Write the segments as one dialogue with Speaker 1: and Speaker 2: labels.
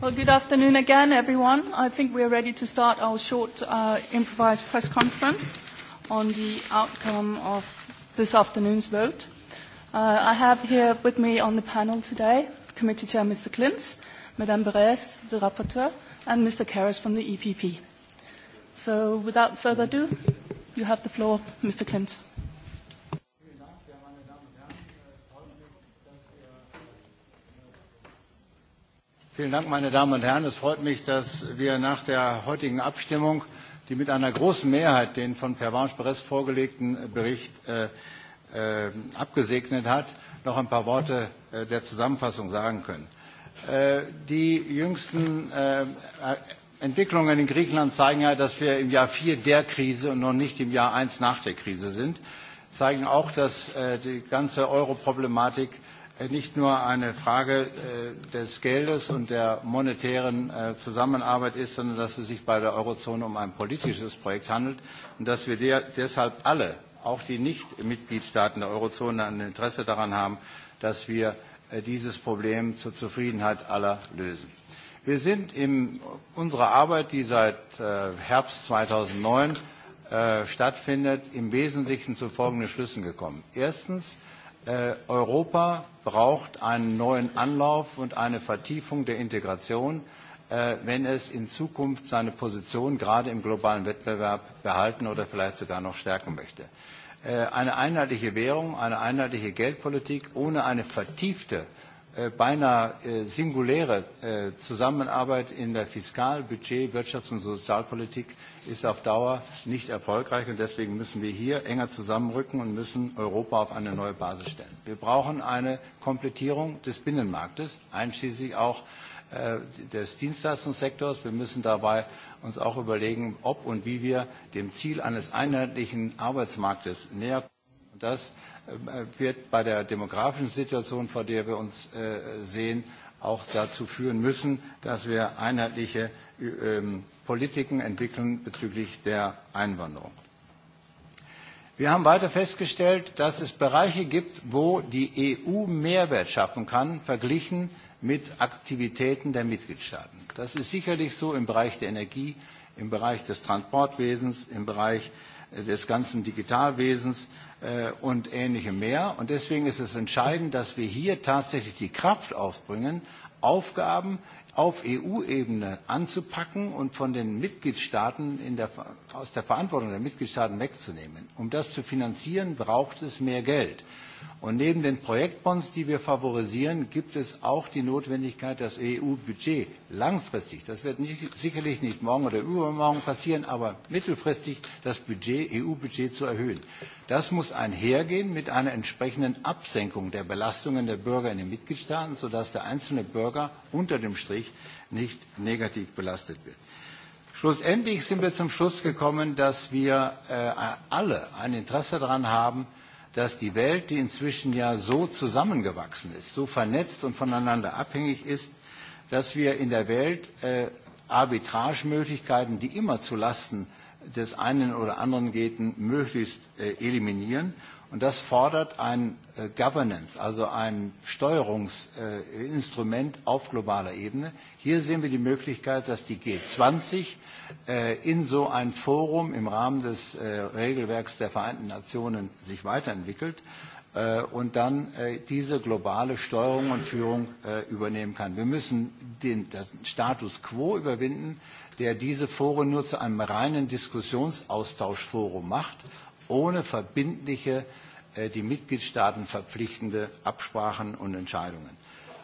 Speaker 1: Well, good afternoon again, everyone. I think we are ready to start our short uh, improvised press conference on the outcome of this afternoon's vote. Uh, I have here with me on the panel today Committee Chair Mr. Klintz, Madame Beres, the rapporteur, and Mr. Karras from the EPP. So without further ado, you have the floor, Mr. Klintz.
Speaker 2: Vielen Dank, meine Damen und Herren. Es freut mich, dass wir nach der heutigen Abstimmung, die mit einer großen Mehrheit den von Pervanche Perez vorgelegten Bericht abgesegnet hat, noch ein paar Worte der Zusammenfassung sagen können. Die jüngsten Entwicklungen in Griechenland zeigen ja, dass wir im Jahr vier der Krise und noch nicht im Jahr eins nach der Krise sind, zeigen auch, dass die ganze Euro-Problematik nicht nur eine Frage des Geldes und der monetären Zusammenarbeit ist, sondern dass es sich bei der Eurozone um ein politisches Projekt handelt und dass wir deshalb alle, auch die Nicht-Mitgliedstaaten der Eurozone, ein Interesse daran haben, dass wir dieses Problem zur Zufriedenheit aller lösen. Wir sind in unserer Arbeit, die seit Herbst 2009 stattfindet, im Wesentlichen zu folgenden Schlüssen gekommen. Erstens, Europa braucht einen neuen Anlauf und eine Vertiefung der Integration, wenn es in Zukunft seine Position gerade im globalen Wettbewerb behalten oder vielleicht sogar noch stärken möchte. Eine einheitliche Währung, eine einheitliche Geldpolitik ohne eine vertiefte beinahe singuläre Zusammenarbeit in der Fiskal-, Budget-, Wirtschafts- und Sozialpolitik ist auf Dauer nicht erfolgreich. Und deswegen müssen wir hier enger zusammenrücken und müssen Europa auf eine neue Basis stellen. Wir brauchen eine Komplettierung des Binnenmarktes, einschließlich auch des Dienstleistungssektors. Wir müssen dabei uns auch überlegen, ob und wie wir dem Ziel eines einheitlichen Arbeitsmarktes näher kommen. Und das wird bei der demografischen Situation, vor der wir uns sehen, auch dazu führen müssen, dass wir einheitliche Politiken entwickeln bezüglich der Einwanderung. Wir haben weiter festgestellt, dass es Bereiche gibt, wo die EU Mehrwert schaffen kann, verglichen mit Aktivitäten der Mitgliedstaaten. Das ist sicherlich so im Bereich der Energie, im Bereich des Transportwesens, im Bereich des ganzen Digitalwesens, und ähnlichem mehr. Und deswegen ist es entscheidend, dass wir hier tatsächlich die Kraft aufbringen, Aufgaben auf EU-Ebene anzupacken und von den Mitgliedstaaten in der, aus der Verantwortung der Mitgliedstaaten wegzunehmen. Um das zu finanzieren, braucht es mehr Geld. Und neben den Projektbonds, die wir favorisieren, gibt es auch die Notwendigkeit, das EU-Budget langfristig, das wird nicht, sicherlich nicht morgen oder übermorgen passieren, aber mittelfristig das Budget, EU-Budget zu erhöhen. Das muss einhergehen mit einer entsprechenden Absenkung der Belastungen der Bürger in den Mitgliedstaaten, sodass der einzelne Bürger unter dem Strich nicht negativ belastet wird. Schlussendlich sind wir zum Schluss gekommen, dass wir alle ein Interesse daran haben, dass die Welt, die inzwischen ja so zusammengewachsen ist, so vernetzt und voneinander abhängig ist, dass wir in der Welt äh, Arbitragemöglichkeiten, die immer zu Lasten des einen oder anderen gehen, möglichst äh, eliminieren Und das fordert ein Governance, also ein Steuerungsinstrument auf globaler Ebene. Hier sehen wir die Möglichkeit, dass die g zwanzig in so ein Forum im Rahmen des Regelwerks der Vereinten Nationen sich weiterentwickelt und dann diese globale Steuerung und Führung übernehmen kann. Wir müssen den Status quo überwinden, der diese Foren nur zu einem reinen Diskussionsaustauschforum macht ohne verbindliche, die Mitgliedstaaten verpflichtende Absprachen und Entscheidungen.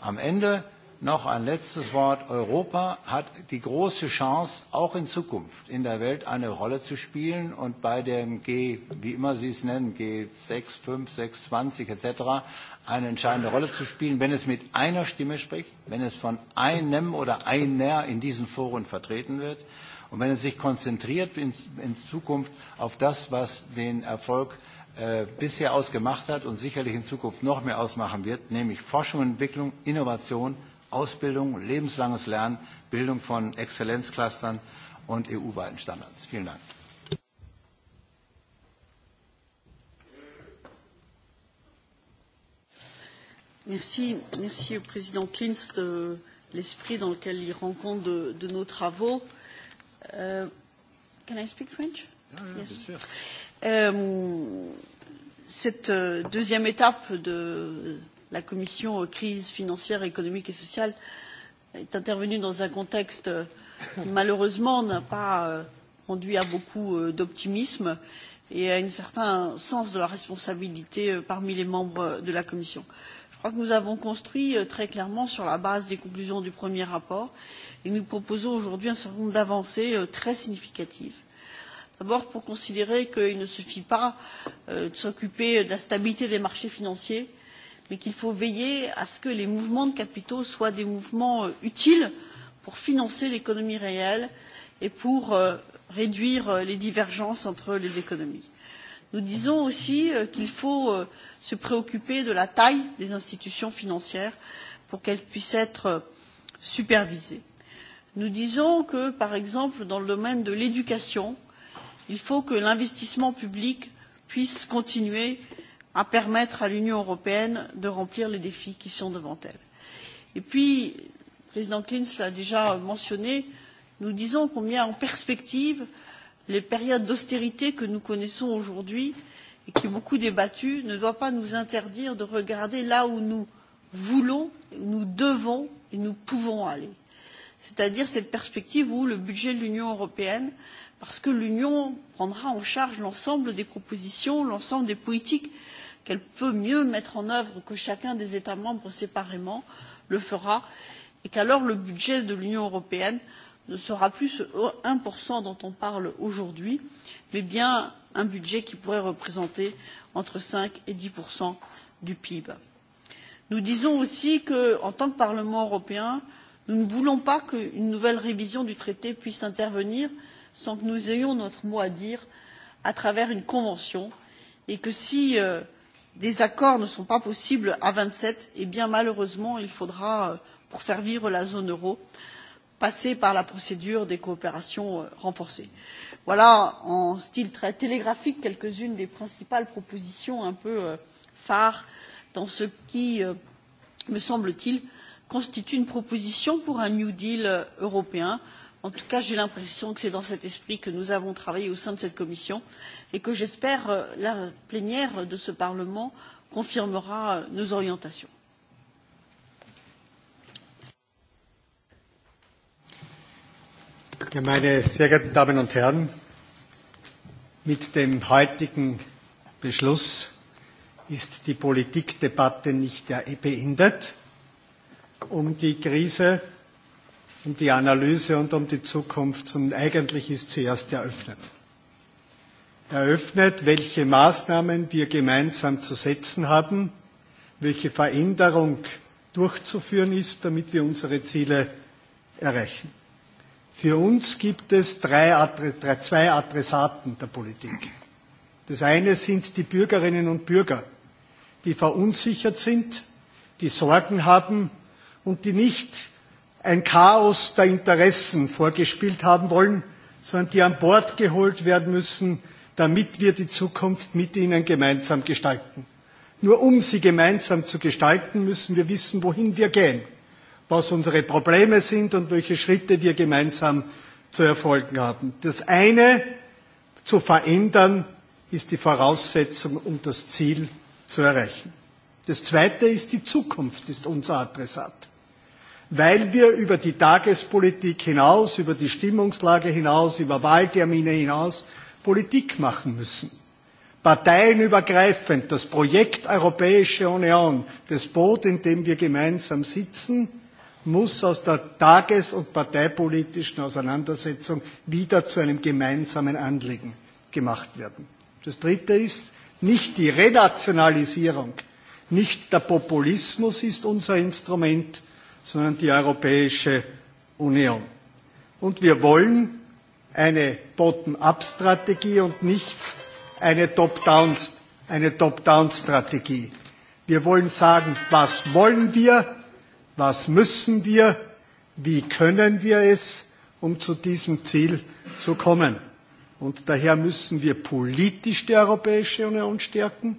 Speaker 2: Am Ende noch ein letztes Wort. Europa hat die große Chance, auch in Zukunft in der Welt eine Rolle zu spielen. Und bei dem G, wie immer Sie es nennen, G6, 5, 6, 20 etc., eine entscheidende Rolle zu spielen, wenn es mit einer Stimme spricht, wenn es von einem oder einer in diesen Foren vertreten wird. Und wenn es sich konzentriert in, in Zukunft auf das, was den Erfolg bisher ausgemacht hat und sicherlich in Zukunft noch mehr ausmachen wird, nämlich Forschung und Entwicklung, Innovation, Ausbildung, lebenslanges Lernen, Bildung von Exzellenzclustern und EU-weiten Standards. Vielen Dank.
Speaker 1: Merci, merci au président Klinz de l'esprit dans lequel il de, de nos travaux can I speak French yes. Cette deuxième étape de la commission crise financière, économique et sociale est intervenue dans un contexte qui malheureusement n'a pas conduit à beaucoup d'optimisme et à un certain sens de la responsabilité parmi les membres de la commission. Euh, Je crois que nous avons construit très clairement sur la base des conclusions du premier rapport et nous proposons aujourd'hui un certain nombre d'avancées très significatives. D'abord pour considérer qu'il ne suffit pas de s'occuper de la stabilité des marchés financiers, mais qu'il faut veiller à ce que les mouvements de capitaux soient des mouvements utiles pour financer l'économie réelle et pour réduire les divergences entre les économies. Nous disons aussi qu'il faut se préoccuper de la taille des institutions financières pour qu'elles puissent être supervisées. Nous disons que, par exemple, dans le domaine de l'éducation, il faut que l'investissement public puisse continuer à permettre à l'Union européenne de remplir les défis qui sont devant elle. Et puis, le président Klinz l'a déjà mentionné, nous disons combien en perspective les périodes d'austérité que nous connaissons aujourd'hui euh, et qui est beaucoup débattue ne doit pas nous interdire de regarder là où nous voulons, où nous devons et nous pouvons aller. C'est-à-dire cette perspective où le budget de l'Union européenne, parce que l'Union prendra en charge l'ensemble des propositions, l'ensemble des politiques qu'elle peut mieux mettre en œuvre que chacun des États membres séparément le fera, et qu'alors le budget de l'Union européenne ne sera plus ce 1% dont on parle aujourd'hui, mais bien un budget qui pourrait représenter entre cinq et dix du pib. nous disons aussi qu'en tant que parlement européen nous ne voulons pas qu'une nouvelle révision du traité puisse intervenir sans que nous ayons notre mot à dire à travers une convention et que si des accords ne sont pas possibles à vingt sept malheureusement il faudra pour faire vivre la zone euro passer par la procédure des coopérations renforcées. Voilà, en style très télégraphique, quelques-unes des principales propositions un peu phares dans ce qui, me semble-t-il, constitue une proposition pour un New Deal européen. En tout cas, j'ai l'impression que c'est dans cet esprit que nous avons travaillé au sein de cette commission et que j'espère la plénière de ce Parlement confirmera nos orientations
Speaker 3: Ja, meine sehr geehrten Damen und Herren, mit dem heutigen Beschluss ist die Politikdebatte nicht beendet. Um die Krise, um die Analyse und um die Zukunft, sondern eigentlich ist sie erst eröffnet. Eröffnet, welche Maßnahmen wir gemeinsam zu setzen haben, welche Veränderung durchzuführen ist, damit wir unsere Ziele erreichen. Für uns gibt es drei, zwei Adressaten der Politik. Das eine sind die Bürgerinnen und Bürger, die verunsichert sind, die Sorgen haben und die nicht ein Chaos der Interessen vorgespielt haben wollen, sondern die an Bord geholt werden müssen, damit wir die Zukunft mit ihnen gemeinsam gestalten. Nur um sie gemeinsam zu gestalten, müssen wir wissen, wohin wir gehen was unsere Probleme sind und welche Schritte wir gemeinsam zu erfolgen haben. Das eine zu verändern ist die Voraussetzung, um das Ziel zu erreichen. Das zweite ist die Zukunft, ist unser Adressat. Weil wir über die Tagespolitik hinaus, über die Stimmungslage hinaus, über Wahltermine hinaus Politik machen müssen. Parteienübergreifend das Projekt Europäische Union, das Boot, in dem wir gemeinsam sitzen, muss aus der tages- und parteipolitischen Auseinandersetzung wieder zu einem gemeinsamen Anliegen gemacht werden. Das Dritte ist, nicht die Renationalisierung, nicht der Populismus ist unser Instrument, sondern die Europäische Union. Und wir wollen eine Bottom-up-Strategie und nicht eine Top-down-Strategie. Wir wollen sagen, was wollen wir, Was müssen wir? Wie können wir es, um zu diesem Ziel zu kommen? Und daher müssen wir politisch die Europäische Union stärken.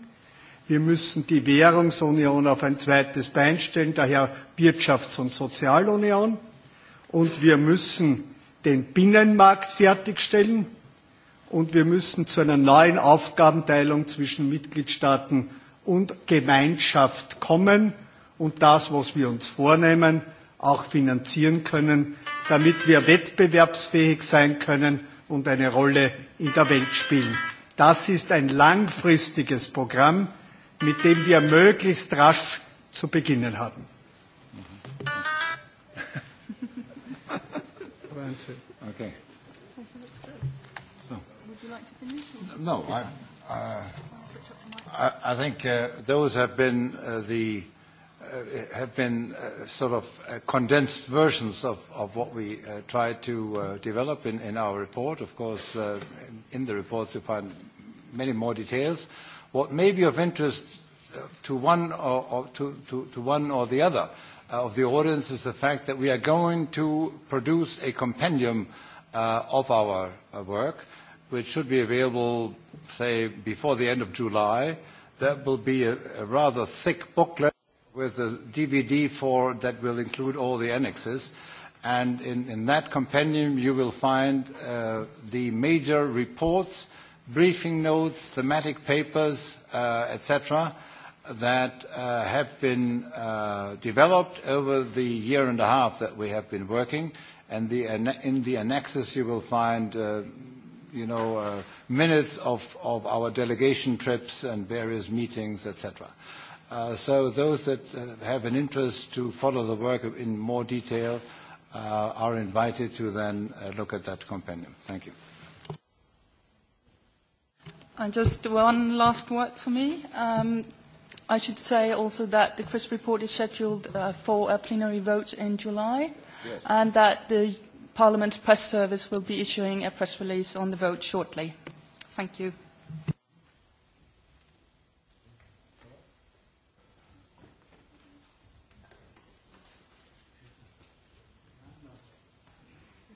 Speaker 3: Wir müssen die Währungsunion auf ein zweites Bein stellen, daher Wirtschafts- und Sozialunion. Und wir müssen den Binnenmarkt fertigstellen. Und wir müssen zu einer neuen Aufgabenteilung zwischen Mitgliedstaaten und Gemeinschaft kommen und das, was wir uns vornehmen, auch finanzieren können, damit wir wettbewerbsfähig sein können und eine Rolle in der Welt spielen. Das ist ein langfristiges Programm, mit dem wir möglichst rasch zu beginnen haben. Okay.
Speaker 2: So. Would you like
Speaker 1: to finish? No, I, uh, I, I think
Speaker 2: uh, those have been uh, the have been uh sort of uh condensed versions of of what we uh tried to uh develop in in our report. Of course, uh in the reports, you find many more details. What may be of interest to one or or or to to to one the other uh of the audience is the fact that we are going to produce a compendium uh of our uh work, which should be available, say, before the end of July. That will be a a rather thick booklet with a DVD for that will include all the annexes. And in, in that compendium, you will find uh, the major reports, briefing notes, thematic papers, uh, etc., that uh, have been uh, developed over the year and a half that we have been working. And the, in the annexes, you will find, uh, you know, uh, minutes of, of our delegation trips and various meetings, etc. cetera so those that have an interest to follow the work in more detail uh, are invited to then uh, look at that compendium. Thank you.
Speaker 1: And just one last word for me. Um, I should say also that the CRISP report is scheduled uh, for a plenary vote in July yes. and that the Parliament Press Service will be issuing a press release on the vote shortly. Thank you.